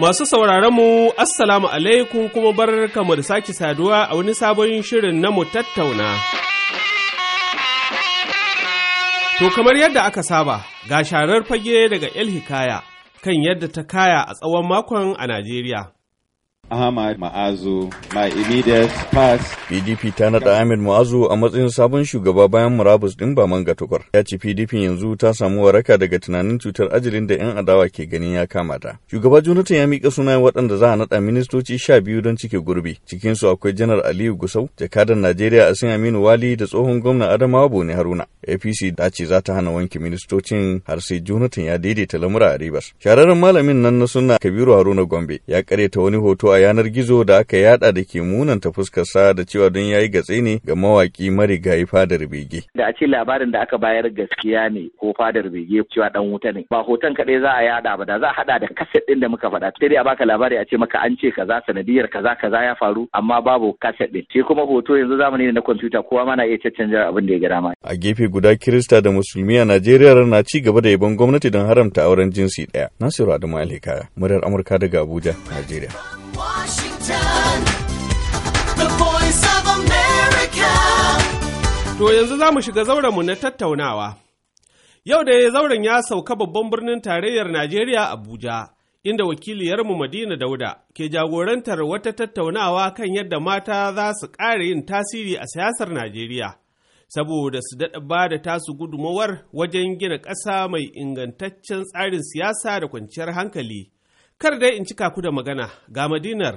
Masu sauraron mu Assalamu alaikum kuma bar mu da sake saduwa a wani sabon shirin na mu tattauna. To kamar yadda aka saba, ga sharar fage daga El Hikaya kan yadda ta kaya a tsawon makon a Najeriya. Ahmad Ma'azu, my immediate past. PDP ta naɗa Ahmed Ma'azu a matsayin sabon shugaba bayan murabus ɗin manga Tukur. Ya ce PDP yanzu ta samu waraka daga tunanin cutar ajalin da 'yan adawa ke ganin ya kama ta. Shugaba Jonathan ya miƙa sunayen waɗanda za a naɗa ministoci sha biyu don cike gurbi. Cikinsu akwai Janar Aliyu Gusau, jakadan Najeriya Asin Aminu Wali da tsohon gwamna Adamawa Bone Haruna. APC ta ce za ta hana wanke ministocin har sai Jonathan ya daidaita lamura a Rivers. Shararren malamin nan na suna Kabiru Haruna Gombe ya karyata wani hoto a yanar gizo da aka yada da ke munanta fuskarsa da cewa don yayi gatse ne ga mawaki marigayi fadar bege. Da a ce labarin da aka bayar gaskiya ne ko fadar bege cewa dan wuta ne ba hoton kaɗai za a yada ba da za a hada da kaset ɗin da muka fada sai dai a baka labari a ce maka an ce kaza sanadiyar kaza kaza ya faru amma babu kaset ɗin sai kuma hoto yanzu zamani ne na kwamfuta kowa ma iya caccanja abin da ya gada ma. A gefe guda Kirista da Musulmi a Najeriya na ci gaba da yabon gwamnati don haramta auren jinsi ɗaya. Nasiru Adamu Alhika, muryar Amurka daga Abuja, Najeriya. To yanzu za mu shiga zaurenmu na tattaunawa. Yau da zauren ya sauka babban birnin tarayyar Najeriya Abuja, inda wakiliyarmu Madina Dauda ke jagorantar wata tattaunawa kan yadda mata za su ƙara yin tasiri a siyasar Najeriya, saboda su daɗa ba da tasu gudumawar wajen gina ƙasa mai ingantaccen tsarin siyasa da kwanciyar hankali. Kar dai in cika ku da magana ga Madinar.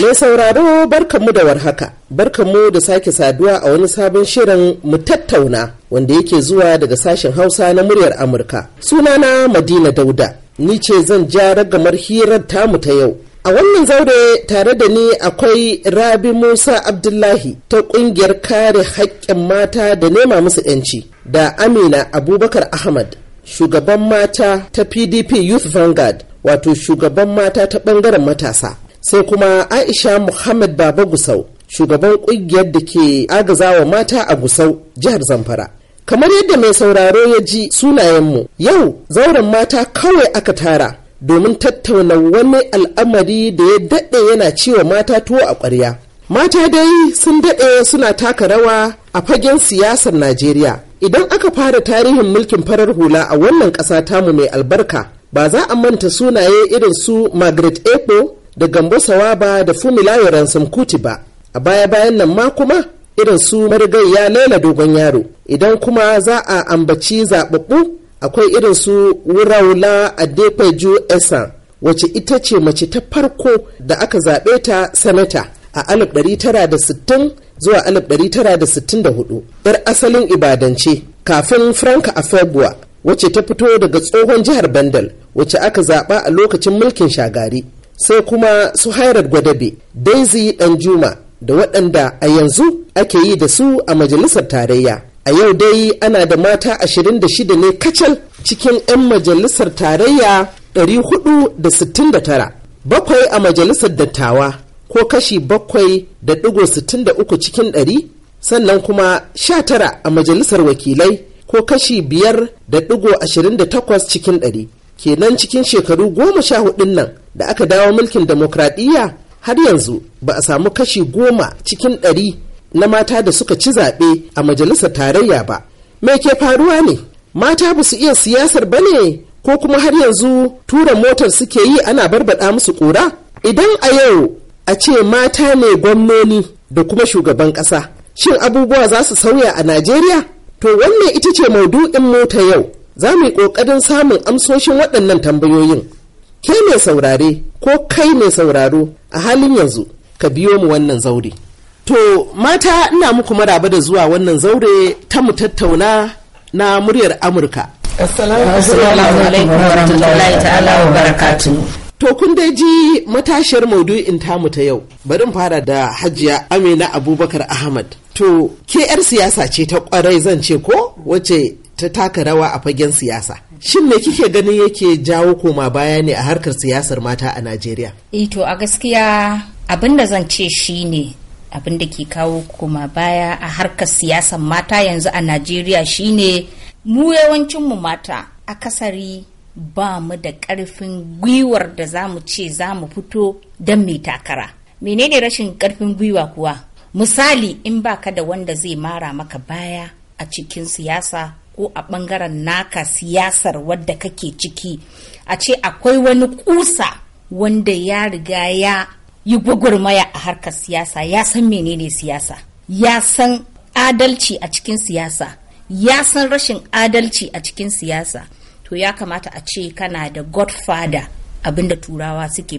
Mai sauraro barkanmu da warhaka, barkanmu da sake saduwa a wani sabon shirin mu tattauna wanda yake zuwa daga sashen Hausa na muryar Amurka. Sunana Madina Dauda, ni ce zan ja ragamar hirar tamu ta yau. A wannan zaure tare da ni akwai Rabi Musa Abdullahi ta ƙungiyar kare haƙƙin mata da nema musu 'yanci da Amina Abubakar Ahmad, shugaban mata ta PDP Youth Vanguard wato shugaban mata ta bangaren matasa sai kuma aisha muhammad baba gusau shugaban kungiyar da ke agazawa mata a gusau jihar zamfara kamar yadda mai sauraro ya ji sunayenmu yau zauren mata kawai aka tara domin tattauna wani al'amari da ya daɗe yana ciwa mata tuwo a ƙwarya mata dai sun daɗe suna taka rawa a fagen siyasar najeriya idan aka fara tarihin mulkin farar hula a wannan ƙasa tamu mai albarka ba za a manta sunaye irin su margaret Eko da gambo ba da fumilayo ransom kuti ba a baya bayan nan ma kuma irin su marigayya lela dogon yaro idan kuma za a ambaci zaɓaɓɓu akwai irin su wuraula adepeju esa wace ita ce mace ta farko da aka zaɓe ta sanata a 1960 zuwa 1964 'yar asalin ibadance kafin frank afebuwa wacce ta fito daga tsohon jihar bandal wacce aka zaɓa a lokacin mulkin shagari sai kuma su hairar gwadabe daisy danjuma da waɗanda a yanzu ake yi da su a majalisar tarayya a yau dai ana da mata 26 ne kacal cikin 'yan majalisar tarayya 469 bakwai a majalisar dattawa ko kashi bakwai da 63 cikin 100 sannan kuma 19 a majalisar wakilai ko kashi biyar da digo ashirin da takwas cikin ɗari kenan cikin shekaru goma sha hudun nan da aka dawo mulkin demokradiyya har yanzu ba a samu kashi goma cikin ɗari na mata da suka ci zaɓe a majalisar tarayya ba me ke faruwa ne mata ba su iya siyasar ba ne ko kuma har yanzu tura motar suke yi ana barbaɗa musu ƙura idan a yau a ce mata ne gwamnoni da kuma shugaban ƙasa shin abubuwa za su sauya a najeriya To wannan ita ce maudu'in mota yau, za mu yi ƙoƙarin samun amsoshin waɗannan tambayoyin. Ke mai saurare ko kai mai sauraro a halin yanzu ka biyo mu wannan zaure. To mata ina muku maraba da zuwa wannan zaure ta mu tattauna na muryar Amurka. Assalamu alaikum ta'ala wa barakatuhu. To kun dai ji matashiyar maudu'in tamu ta yau. Bari fara da Hajiya Amina Abubakar Ahmad. To ke 'yar siyasa ce ta kwarai zan ce ko wace ta taka rawa a fagen siyasa. Shin me kike ganin yake jawo koma baya ne a harkar siyasar mata a Najeriya? E, to a gaskiya abin da zan ce ne abin da ke kawo koma baya a harkar siyasar mata yanzu a Najeriya shi ne. mu yawancinmu mata a akasari ba mu da ƙarfin gwiwar da za mu ce za mu fito don mai takara menene rashin ƙarfin gwiwa kuwa misali in ba ka da wanda zai mara maka baya a cikin siyasa ko a ɓangaren naka siyasar wadda kake ciki a ce akwai wani kusa wanda ya riga ya yi gwagwarmaya a harkar siyasa ya san menene siyasa ya san adalci a cikin siyasa ya san rashin adalci a cikin siyasa to ya kamata a ce kana da godfather abinda turawa suke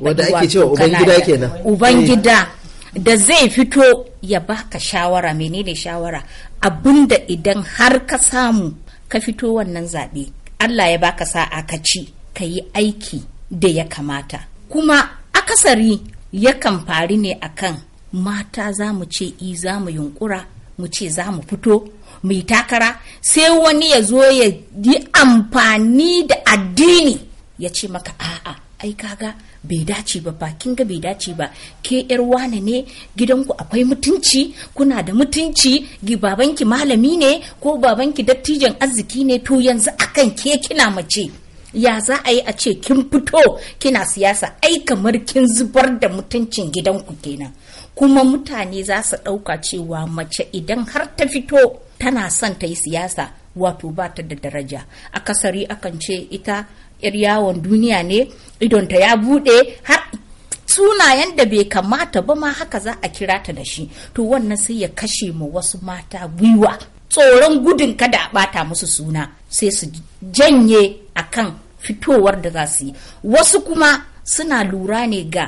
ubangida eh. da zai fito ya baka shawara menene shawara abinda idan har ka samu ka fito wannan zaɓe Allah ya baka sa'a ka ci ka yi aiki da ya kamata kuma akasari yakan fari ne akan mata za mu ce i za mu yunkura mu ce za mu fito mai takara sai wani ya zo ya yi amfani da addini ya ce maka a'a ai kaga bai dace ba bakin ga bai dace ba ke yar wane ne gidanku akwai mutunci kuna da mutunci babanki malami ne ko babanki dattijan arziki ne to yanzu akan ke kina mace ya za a yi a ce kin fito kina siyasa ai kamar kin zubar da mutuncin gidanku kenan kuma mutane za su ɗauka cewa mace idan har ta fito tana son ta yi siyasa wato ba ta da daraja a kasari akan ce ita yar yawon duniya ne idonta ya bude har sunayen da bai kamata ba ma haka za a kira ta da shi to wannan sai ya kashe ma wasu mata gwiwa tsoron gudun kada a bata musu suna sai su janye akan fitowar da za su yi wasu kuma suna lura ne ga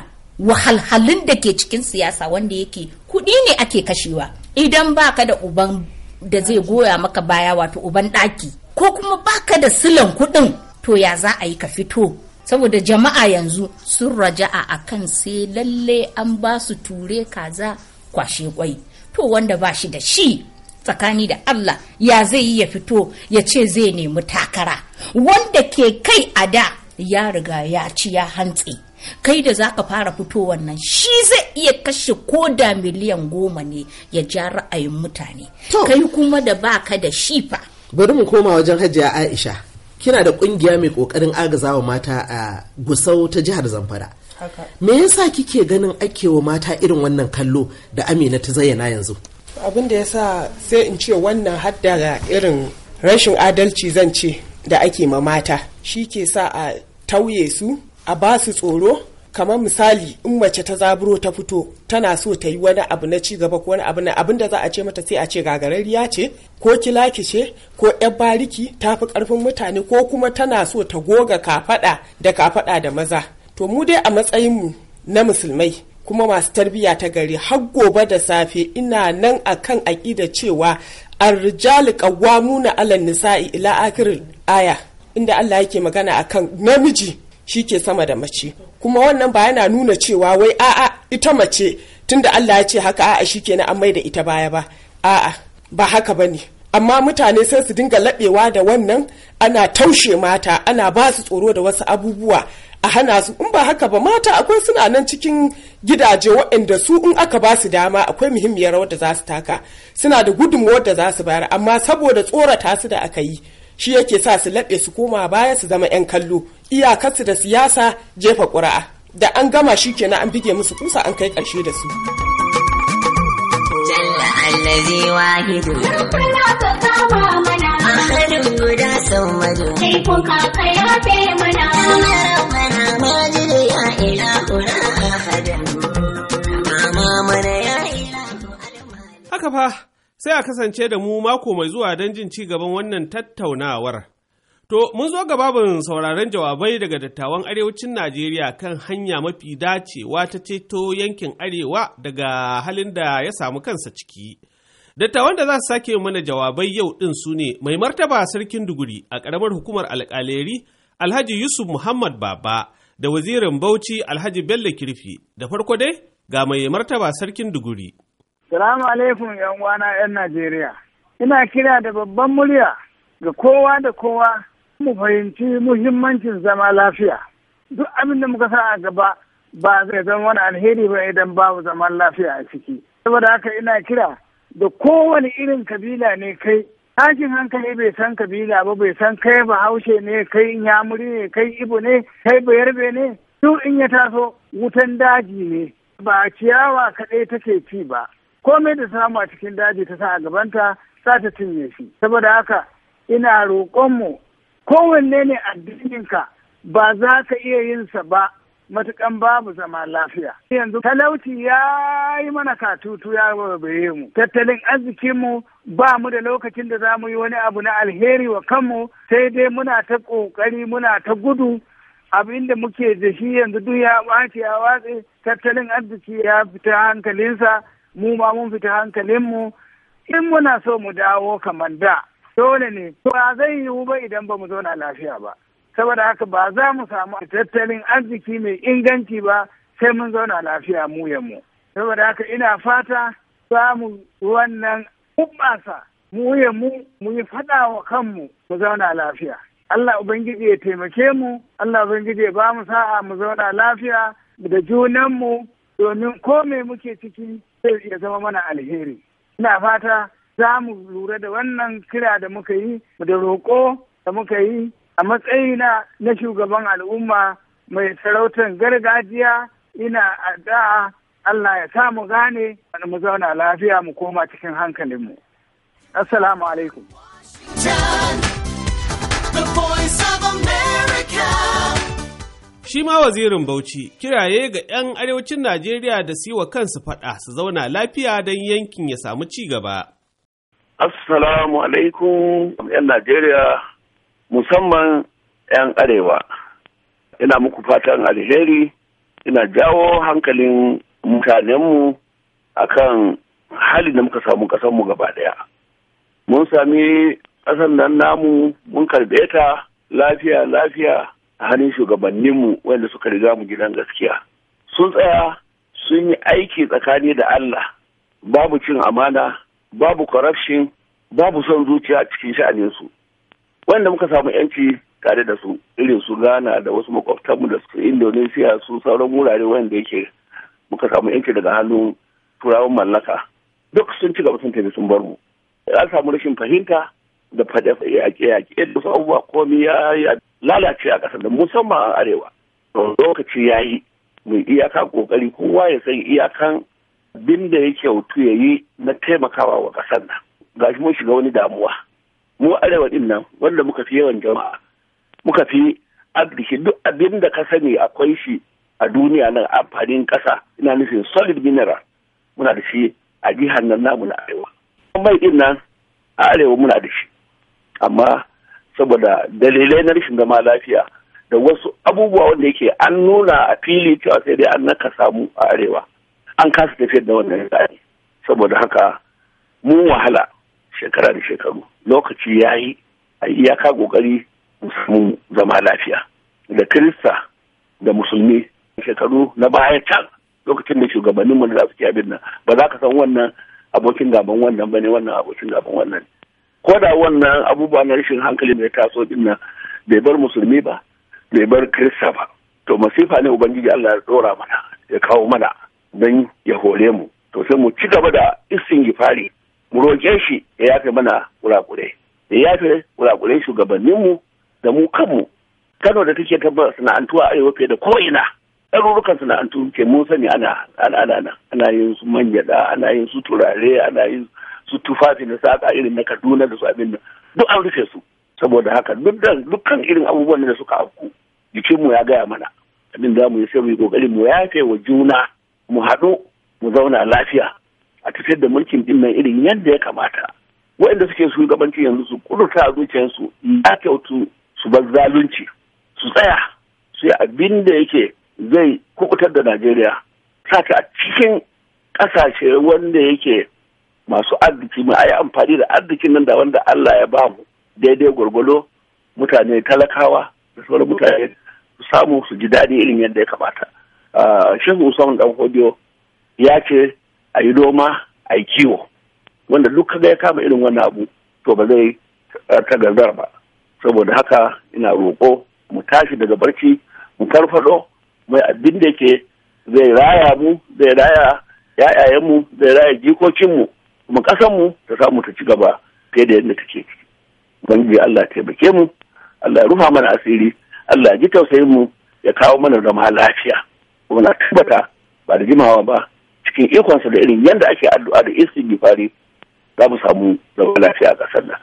wahalhalun da ke cikin siyasa wanda yake kuɗi ne ake kashewa idan baka da uban da zai goya maka baya wato uban ɗaki ko kuma baka da silan kuɗin to ya za a yi ka fito saboda jama'a yanzu sun raja'a a kan sai lalle an ba su ture kaza kwashe kwai to wanda ba shi da shi tsakani da Allah ya zai yi ya fito ya ce zai nemi takara wanda ke kai a da ya riga ya ci ya hantse. kai da za ka fara fitowar nan shi zai iya kashe ko da miliyan goma ne ya ja ra'ayin mutane kai kuma da baka da shifa bari mu koma wajen hajiya aisha kina da kungiya mai kokarin wa mata a gusau ta jihar zamfara me yasa kike ganin ake wa mata irin wannan kallo da amina ta zayyana yanzu abin da yasa sai in ce wannan hadda ga irin rashin adalci zan ce da ake ma mata shi ke sa a tauye su a ba su tsoro kamar misali in mace ta zaburo ta fito tana so ta yi wani abu na cigaba ko wani abu na abin da za a ce mata sai a ce gagarariya ce ko kila ce ko yar bariki ta fi karfin mutane ko kuma tana so ta goga kafada da kafada da maza to mu dai a matsayin mu na musulmai kuma masu tarbiyya ta gari har gobe da safe ina nan akan aƙida cewa arrijali qawwamuna 'alan nisa'i ila akhir aya inda Allah yake magana akan namiji shi ke sama da mace kuma wannan ba yana nuna cewa wai a'a ita mace tunda Allah ya ce haka a'a shi kenan an mai da ita baya ba a'a ba haka ba ne amma mutane sai su dinga laɓewa da wannan ana taushe mata ana ba su tsoro da wasu abubuwa a hana su in ba haka ba mata akwai suna nan cikin gidaje waɗanda su in aka ba su dama akwai muhimmiyar rawar da za su taka suna da gudunmuwar da za su bayar amma saboda tsorata su da aka yi shi yake sa su laɓe su koma baya su zama 'yan kallo iyakarsu da siyasa jefa ƙura'a. da an gama shi kenan an bige musu kusa an kai ƙarshe da su. Haka fa sai a kasance da mu mako mai zuwa don jin ci gaban wannan tattaunawar. To, mun zo gababin sauraron jawabai daga dattawan arewacin Najeriya kan hanya mafi dacewa ta ceto yankin arewa daga halin da ya samu kansa ciki. Dattawan da za su sake mana jawabai yau ɗin su ne mai martaba sarkin duguri a ƙaramar hukumar alƙaleri Alhaji Yusuf Muhammad Baba da wazirin Bauchi Alhaji Bello Kirfi da farko dai ga mai martaba sarkin duguri. Salamu alaikum 'yan Najeriya. Ina kira da babban murya ga kowa da kowa mu fahimci muhimmancin zama lafiya duk abin da muka sa a gaba ba zai zama wani alheri ba idan babu zaman lafiya a ciki saboda haka ina kira da kowane irin kabila ne kai tashin hankali bai san kabila ba bai san kai bahaushe ne kai inyamuri ne kai ibo ne kai bayarbe ne duk in ya taso wutan daji ne ba ciyawa kaɗai take ci ba komai da samu a cikin daji ta sa a gabanta za ta cinye shi saboda haka ina roƙonmu kowanne ne addininka ba za ka iya yin sa ba matukan babu zama lafiya. Yanzu talauci ya yi mana katutu ya babaye mu. Tattalin arzikinmu ba mu da lokacin da za mu yi wani abu na alheri wa kanmu sai dai muna ta ƙoƙari muna ta gudu abin da muke da shi yanzu duk ya ɓace ya watse tattalin arziki ya fita hankalinsa mu ma mun fita hankalinmu in muna so mu dawo kamar da dole ne ba zai yiwu ba idan ba mu zauna lafiya ba saboda haka ba za mu samu tattalin arziki mai inganci ba sai mun zauna lafiya mu ya saboda haka ina fata za mu wannan hubbasa mu ya mu yi fada wa kanmu mu zauna lafiya Allah Ubangiji ya taimake mu, Allah Ubangiji ya ba mu sa'a mu zauna lafiya da junanmu domin ko muke ciki zai iya zama mana alheri. Ina fata za mu lura da wannan kira da muka yi da roƙo da muka yi a matsayina na shugaban al'umma mai sarautar gargajiya ina addu'a Allah ya sa mu gane mu zauna lafiya mu koma cikin hankalinmu. Assalamu alaikum. Shi ma wazirin Bauchi kiraye ga 'yan arewacin Najeriya da siwa kansu faɗa su zauna lafiya don yankin ya samu ci gaba. Assalamu alaikum 'yan Najeriya musamman 'yan Arewa. Ina muku fatan alheri, ina jawo hankalin mutanenmu a kan halin da muka samu ƙasarmu gaba ɗaya. Mun sami ƙasar nan namu mun karbe ta lafiya lafiya a hannun shugabanninmu wanda suka riga mu gidan gaskiya. Sun tsaya sun yi aiki tsakani da Allah babu cin amana. babu corruption babu son zuciya cikin su. wanda muka samu yanci tare da su irin su ghana da wasu makwabtanmu da su indonesia su sauran wurare wanda yake muka samu yanci daga hannun turawan mallaka duk sun ci gaba sun tafi sun bar mu Ya samu rashin fahimta da fada yaƙe-yaƙe da su abubuwa komi ya lalace a ƙasar da musamman a arewa lokaci ya yi mai iyaka ƙoƙari kowa ya san iyakan abin da ya kyautu ya yi na taimakawa wa ƙasar nan ga shi mun shiga wani damuwa mu arewa din nan wanda muka fi yawan jama'a muka fi arziki duk abin da ka sani akwai shi a duniya nan amfanin ƙasa ina nufin solid mineral muna da shi a jihar nan namu na arewa mai din nan a arewa muna da shi amma saboda dalilai na rashin zama lafiya da wasu abubuwa wanda yake an nuna a fili cewa sai dai an naka samu a arewa an kasa tafiyar da wannan tsari saboda haka mun wahala shekara da shekaru lokaci ya yi a iyaka kokari mu zama lafiya da kirista da musulmi shekaru na baya can lokacin da shugabanninmu da za su abin nan ba za ka san wannan abokin gaban wannan ba ne wannan abokin gaban wannan ko da wannan abubuwa na rashin hankali da ya taso din nan bai bar musulmi ba bai bar kirista ba to masifa ne ubangiji Allah ya dora mana ya kawo mana don ya hore mu to sai mu ci gaba da istin gifari mu roƙe shi ya yafe mana kurakure ya yafe kurakure mu da mu kanmu kano da take ta sana'antu a arewa da da ko'ina ɗarurrukan sana'antu ke mun sani ana ana ana yin su manjaɗa ana yin su turare ana yin su tufafi na saƙa irin na kaduna da su abin nan duk an rufe su saboda haka dukkan irin abubuwan da suka afku jikinmu ya gaya mana abin za mu yi sai mu yi ƙoƙari mu yafe wa juna mu haɗu mu zauna lafiya a tafiyar da mulkin din nan irin yadda ya kamata waɗanda suke shugabanci yanzu su kuduta a zuciyarsu ya kyautu su bar zalunci su tsaya su yi abin da yake zai kukutar da najeriya sata a cikin ƙasashe wanda yake masu arziki mu a yi amfani da arzikin nan da wanda allah ya ba mu daidai gwargwalo mutane talakawa da sauran mutane su samu su ji daɗi irin yadda ya kamata Ah, shehu usman dan hodiyo ya ce a yi noma a yi kiwo wanda duk kaga ya kama irin wannan abu to ba zai tagazar ba saboda haka ina roƙo mu tashi daga barci mu farfado mai abin da ke zai raya mu zai raya yayayenmu zai raya jikokinmu kuma ƙasanmu ta samu ta ci gaba fiye da yadda take ciki ubangiji Allah taimake mu Allah ya rufa mana asiri Allah ya ji tausayin mu ya kawo mana zama lafiya kuma na tabbata ba da jimawa ba cikin ikonsa da irin yadda ake addu'a da isi fari za mu samu zaman lafiya a ƙasar nan.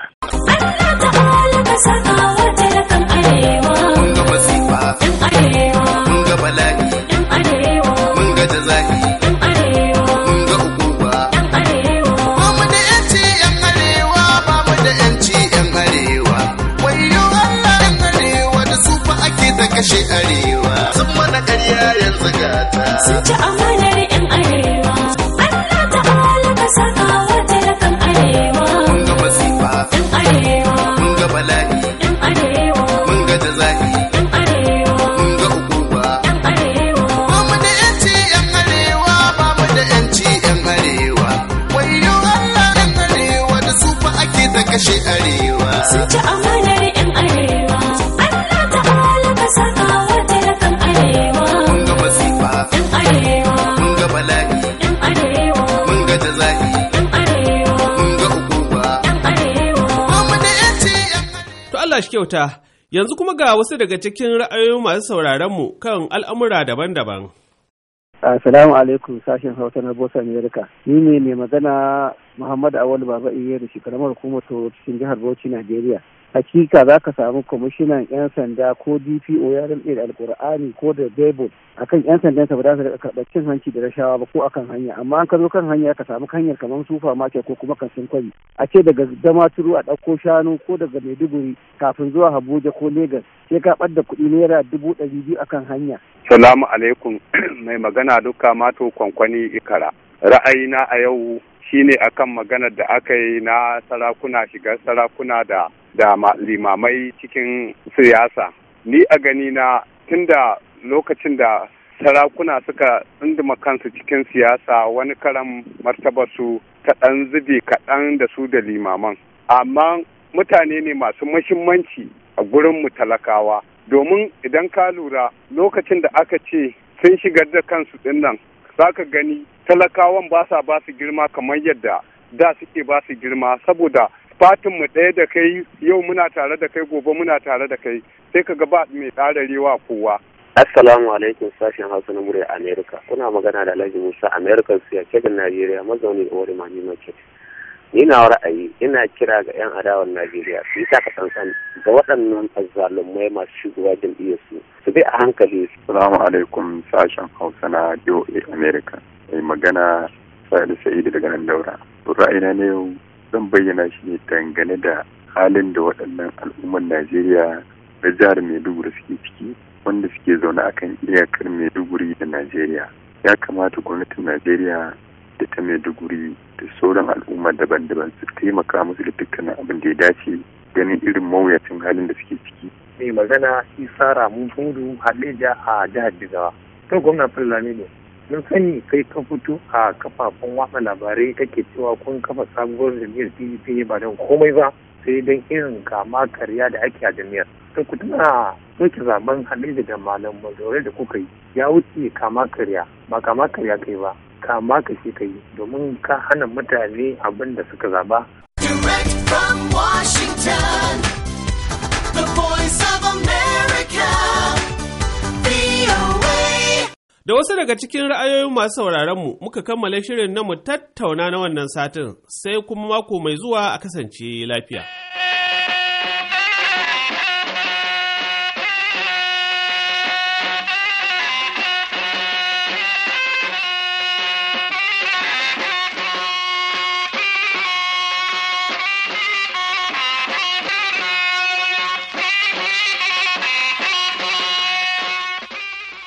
kashe are sun mana karya yanzu gata sun ci amanar yan arewa Allah ta'ala ka saka kyauta, yanzu kuma ga wasu daga cikin ra'ayoyin masu sauraronmu kan al'amura daban-daban. Assalamu alaikum sashen Hausa na Bosa Amerika. Ni ne mai magana Muhammad Awal Baba Iye da shekarar hukumar cikin jihar Bauchi, Najeriya. hakika za ka samu kwamishinan 'yan sanda ko dpo ya rinɗe da alkur'ani ko da a akan 'yan sandan sa ba za su daga karɓar cin hanci da rashawa ba ko akan hanya amma an ka zo kan hanya ka samu hanyar kamar sufa market ko kuma kasin kwari a ce daga damaturu a ɗauko shanu ko daga maiduguri kafin zuwa habuja ko lagos sai ka ɓadda kuɗi naira dubu ɗari biyu akan hanya. salamu alaikum mai magana duka mato kwankwani ikara ra'ayina a yau shine akan maganar da aka yi na sarakuna shigar sarakuna da da limamai cikin siyasa ni a gani na tunda lokacin da sarakuna suka tsunduma kansu cikin siyasa wani karan martabarsu ta ɗan zube kaɗan da su da limaman amma mutane ne masu mahimmanci a gurin mu talakawa domin idan ka lura lokacin da aka ce sun shigar da kansu ɗin nan za ka gani talakawan ba sa ba su girma kamar yadda da suke ba su girma saboda fatin mu ɗaya da kai yau muna tare da kai gobe muna tare da kai sai ka ga ba mai rewa kowa Assalamu alaikum sashen Hausa na murya Amerika. Kuna magana da Alhaji Musa American siya Kebin Najeriya mazauni Ori Mani Market. Ni na ra'ayi ina kira ga 'yan adawar Najeriya su yi taka tsantsan ga waɗannan azzalumai masu shigowa jam'iyyar su su bi a hankali. Assalamu alaikum sashen Hausa na DOA America. Mai magana Sa'id Sa'idu daga nan daura. na ne yau zan bayyana shi ne dangane da halin da waɗannan al'ummar najeriya da jihar maiduguri suke ciki wanda suke zaune a kan iyakar maiduguri da najeriya ya kamata gwamnatin najeriya da ta maiduguri da sauran al'umma daban-daban su taimaka musu da dukkanin abin da ya dace ganin irin mawuyacin halin da suke ciki mai magana isa ramu fundu hadeja a jihar jigawa to gwamna fulani ne mun sani kai ka fito a kafafen watsa labarai kake cewa kun kafa sabuwar jam'iyyar pdp ne ba don komai ba sai don irin kama karya da ake a jami'ar sai ku tuna soke zaben haɗe da malam mazorai da kuka yi ya wuce kama karya ba kama karya kai ba kama ka kashe kai domin ka hana mutane abin da suka zaba. Direct from Washington. Da wasu daga cikin ra'ayoyin masu mu muka kammala shirin na mu tattauna na wannan satin sai kuma mako mai zuwa a kasance lafiya.